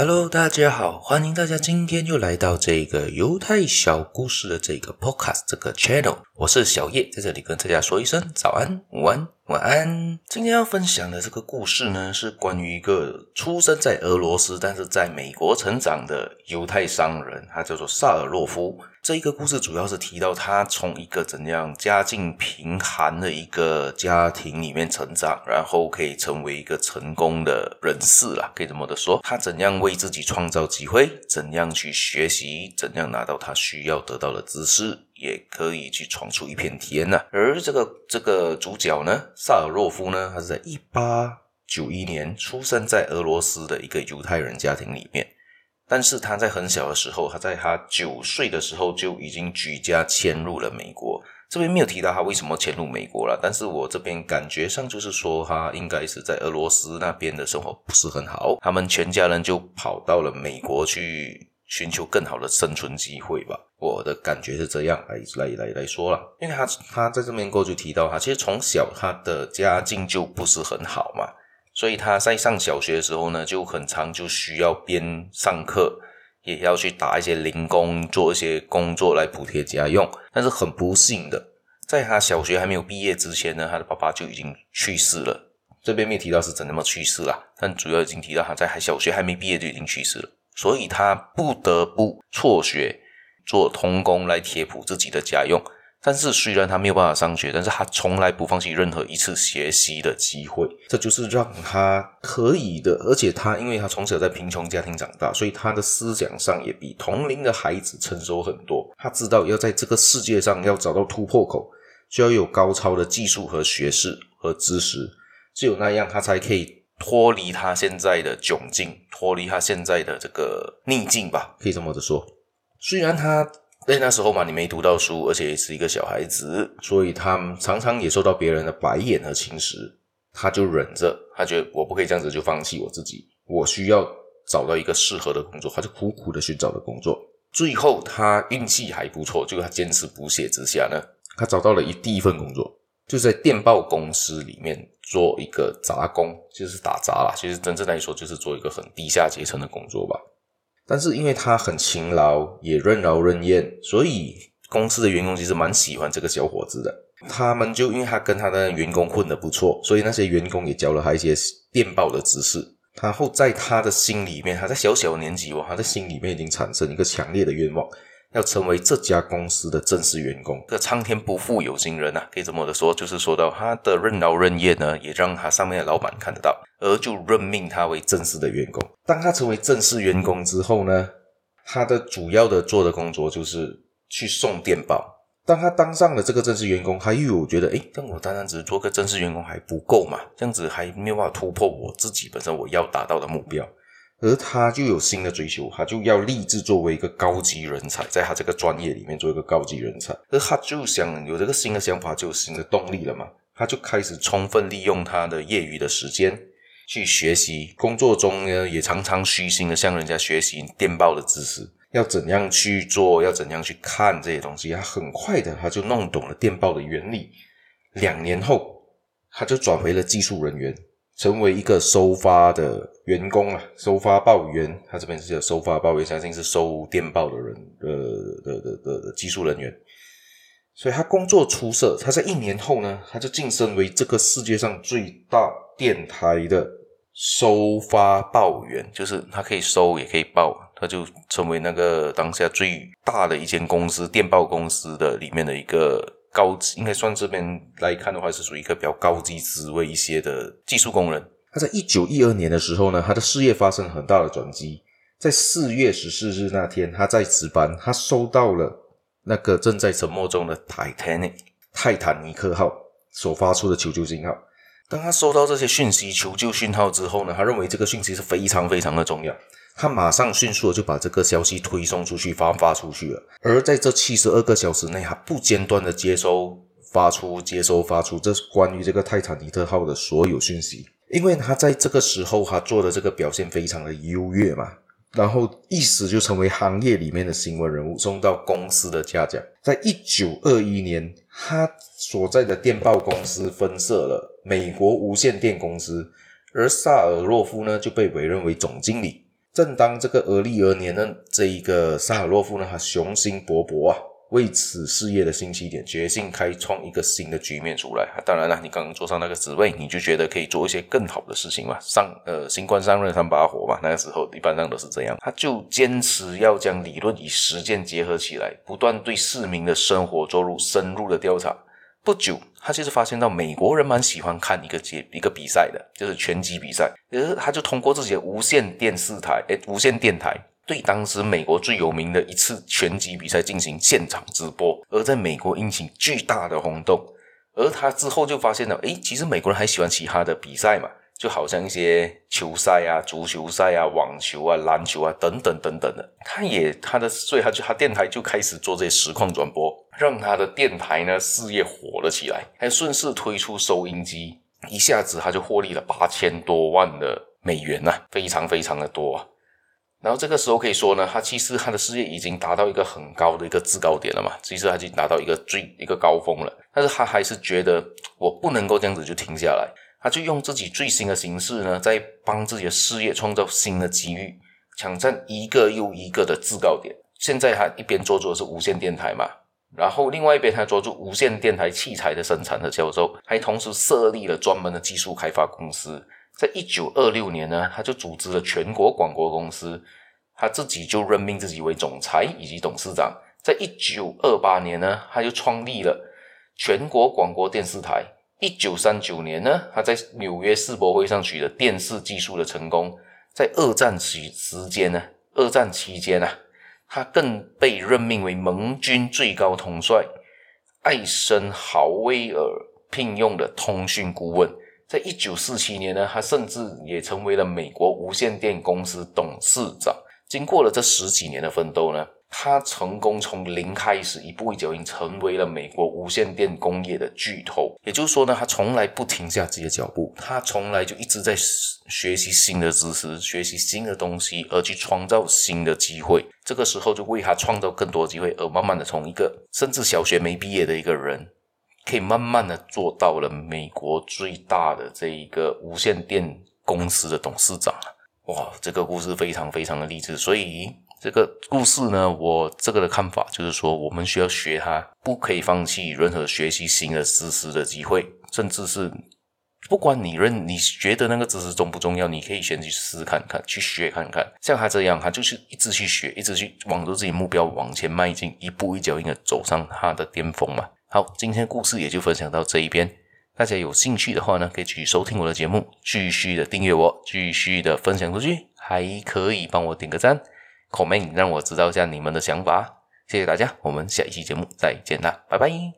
Hello，大家好，歡迎大家今天又來到這個猶太小故事的這個 Podcast 這個 Channel，我是小葉，在這裡跟大家說一聲早安、午安、晚安。今天要分享的這個故事呢，是關於一個出生在俄羅斯，但是在美國成長的猶太商人，他叫做薩爾洛夫。這個故事主要是提到他從一個怎樣家境貧寒的一個家庭裡面成長，然後可以成為一個成功的人士啦。可以怎麼的說，他怎樣為自己創造機會，怎樣去學習，怎樣拿到他需要得到的知識，也可以去闖出一片天吶、啊。而這個這個主角呢，薩爾諾夫呢，他是在一八九一年出生在俄羅斯的一個猶太人家庭裡面。但是他在很小的時候，他在他九歲的時候就已經舉家遷入了美國。這邊沒有提到他為什麼遷入美國啦，但是我這邊感覺上就是說，他應該是在俄羅斯那邊的生活不是很好，他們全家人就跑到了美國去尋求更好的生存機會吧。我的感覺是這樣來來來來說啦，因為他他在這邊過去就提到，他其實從小他的家境就不是很好嘛。所以他在上小學的時候呢，就很常就需要邊上課，也要去打一些零工，做一些工作來補貼家用。但是很不幸的，在他小學還沒有畢業之前呢，他的爸爸就已經去世了。這邊沒有提到是怎麼那麼去世了啊，但主要已經提到他在還小學還沒畢業就已經去世了，所以他不得不輟學做童工來貼補自己的家用。但是，雖然他沒有辦法上學，但是他從來不放棄任何一次學習的機會。這就是讓他可以的。而且，他因為他從小在貧窮家庭長大，所以他的思想上也比同齡的孩子成熟很多。他知道要在這個世界上要找到突破口，需要有高超的技術和學識和知識。只有那樣，他才可以脫離他現在的窘境，脫離他現在的這個逆境吧。可以這麼的說，雖然他。在那時候嘛，你沒讀到書，而且是一個小孩子，所以他常常也受到別人的白眼和輕視。他就忍着，他覺得我不可以這樣子就放棄我自己，我需要找到一個適合的工作。他就苦苦的尋找的工作，最後他運氣還不錯，就他堅持不懈之下呢，他找到了一第一份工作，就在電報公司裡面做一個雜工，就是打雜了。其實真正來說，就是做一個很低下階層的工作吧。但是因為他很勤勞，也任勞任怨，所以公司的員工其實蠻喜歡這個小伙子的。他們就因為他跟他的員工混得不錯，所以那些員工也教了他一些電報的知識。他後在他的心裡面，他在小小年紀哦，他在心裡面已經產生一個強烈的願望。要成為這家公司的正式員工，這個、蒼天不負有心人吶、啊！可以這麼的說，就是說到他的任勞任怨呢，也讓他上面的老板看得到，而就任命他為正式的員工。當他成為正式員工之後呢，嗯、他的主要的做的工作就是去送電報。當他當上了這個正式員工，他又有覺得，哎，但我單單只是做個正式員工還不夠嘛？這樣子還沒有辦法突破我自己本身我要達到的目標。而他就有新的追求，他就要立志作為一個高級人才，在他這個專業裡面做一個高級人才。而他就想有這個新的想法，就有新的動力了嘛。他就開始充分利用他的業餘的時間去學習，工作中呢也常常虛心的向人家學習電報的知識，要怎樣去做，要怎樣去看這些東西。他很快的他就弄懂了電報的原理。兩年後，他就轉回了技術人員。成為一個收發的員工啊，收發報員。他這邊是叫收發報員，相信是收電報的人，呃，的的的的的技術人員。所以他工作出色，他在一年後呢，他就晉升為這個世界上最大電台的收發報員，就是他可以收也可以報，他就成為那個當下最大的一間公司，電報公司的裡面的一個。高，應該算這邊來看的話，是屬於一個比較高級職位一些的技術工人。他在一九一二年的時候呢，他的事業發生很大的轉機。在四月十四日那天，他在值班，他收到了那個正在沉沒中的 Titanic 泰坦尼克號所發出的求救信號。當他收到這些訊息、求救信號之後呢，他認為這個訊息是非常非常的重要。他馬上迅速的就把這個消息推送出去，發發出去了。而在這七十二個小時內，他不間斷的接收、發出、接收、發出，這是關於這個泰坦尼克號的所有訊息。因為他在這個時候，他做的這個表現非常的優越嘛，然後一時就成為行業裡面的新聞人物，送到公司的嘉獎。在一九二一年，他所在的電報公司分設了美國無線電公司，而薩爾洛夫呢就被委任為總經理。正當這個而立而年呢，這一個薩爾洛夫呢，他雄心勃勃啊，為此事業的新起點，決心開創一個新的局面出來。啊、當然了，你剛剛坐上那個職位，你就覺得可以做一些更好的事情嘛，上呃新官上任三把火嘛，那個時候一般上都是這樣。他就堅持要將理論與實踐結合起來，不斷對市民的生活做入深入的調查。不久。他就是發現到美國人蠻喜歡看一個節一個比賽的，就是拳擊比賽。而他就通過自己的無線電視台，哎，無線電台對當時美國最有名的一次拳擊比賽進行現場直播，而在美國引起巨大的轟動。而他之後就發現了，誒，其實美國人還喜歡其他的比賽嘛，就好像一些球賽啊、足球賽啊、網球啊、籃球啊等等等等的。他也他的所以他就他電台就開始做這些實況轉播。讓他的電台呢，事業火了起來，還順勢推出收音機，一下子他就獲利了八千多萬的美元吶、啊，非常非常的多啊。然後這個時候可以說呢，他其實他的事業已經達到一個很高的一個制高點了嘛，其實他已經達到一個最一個高峰了。但是他還是覺得我不能夠這樣子就停下來，他就用自己最新的形式呢，在幫自己的事業創造新的機遇，搶占一個又一個的制高點。現在他一邊做做的是無線電台嘛。然後，另外一邊，他抓住無線電台器材的生產和銷售，還同時設立了專門的技術開發公司。在1926年呢，他就組織了全國廣播公司，他自己就任命自己為總裁以及董事長。在1928年呢，他就創立了全國廣播電視台。1939年呢，他在紐約世博會上取得電視技術的成功。在二戰時時間呢，二戰期間啊。他更被任命為盟軍最高統帥艾森豪威爾聘用的通訊顧問，在一九四七年呢，他甚至也成為了美國無線電公司董事長。經過了這十幾年的奮鬥呢。他成功從零開始，一步一腳印，成為了美國無線電工業的巨頭。也就是說呢，他從來不停下自己的腳步，他從來就一直在學習新的知識，學習新的東西，而去創造新的機會。這個時候，就為他創造更多的機會，而慢慢的從一個甚至小學沒畢業的一個人，可以慢慢的做到了美國最大的這一個無線電公司的董事長。哇，這個故事非常非常的勵志，所以。這個故事呢，我這個的看法就是說，我們需要學他，不可以放棄任何學習新的知識的機會，甚至是不管你認你覺得那個知識重不重要，你可以先去試試看看，去學看看。像他這樣，他就是一直去學，一直去往着自己目標往前邁進，一步一腳印的走上他的巔峰嘛。好，今天的故事也就分享到這一邊，大家有興趣的話呢，可以繼續收聽我的節目，繼續的訂閱我，繼續的分享出去，還可以幫我點個讚。Comment，讓我知道一下你們的想法，謝謝大家，我們下一期節目再見啦，拜拜。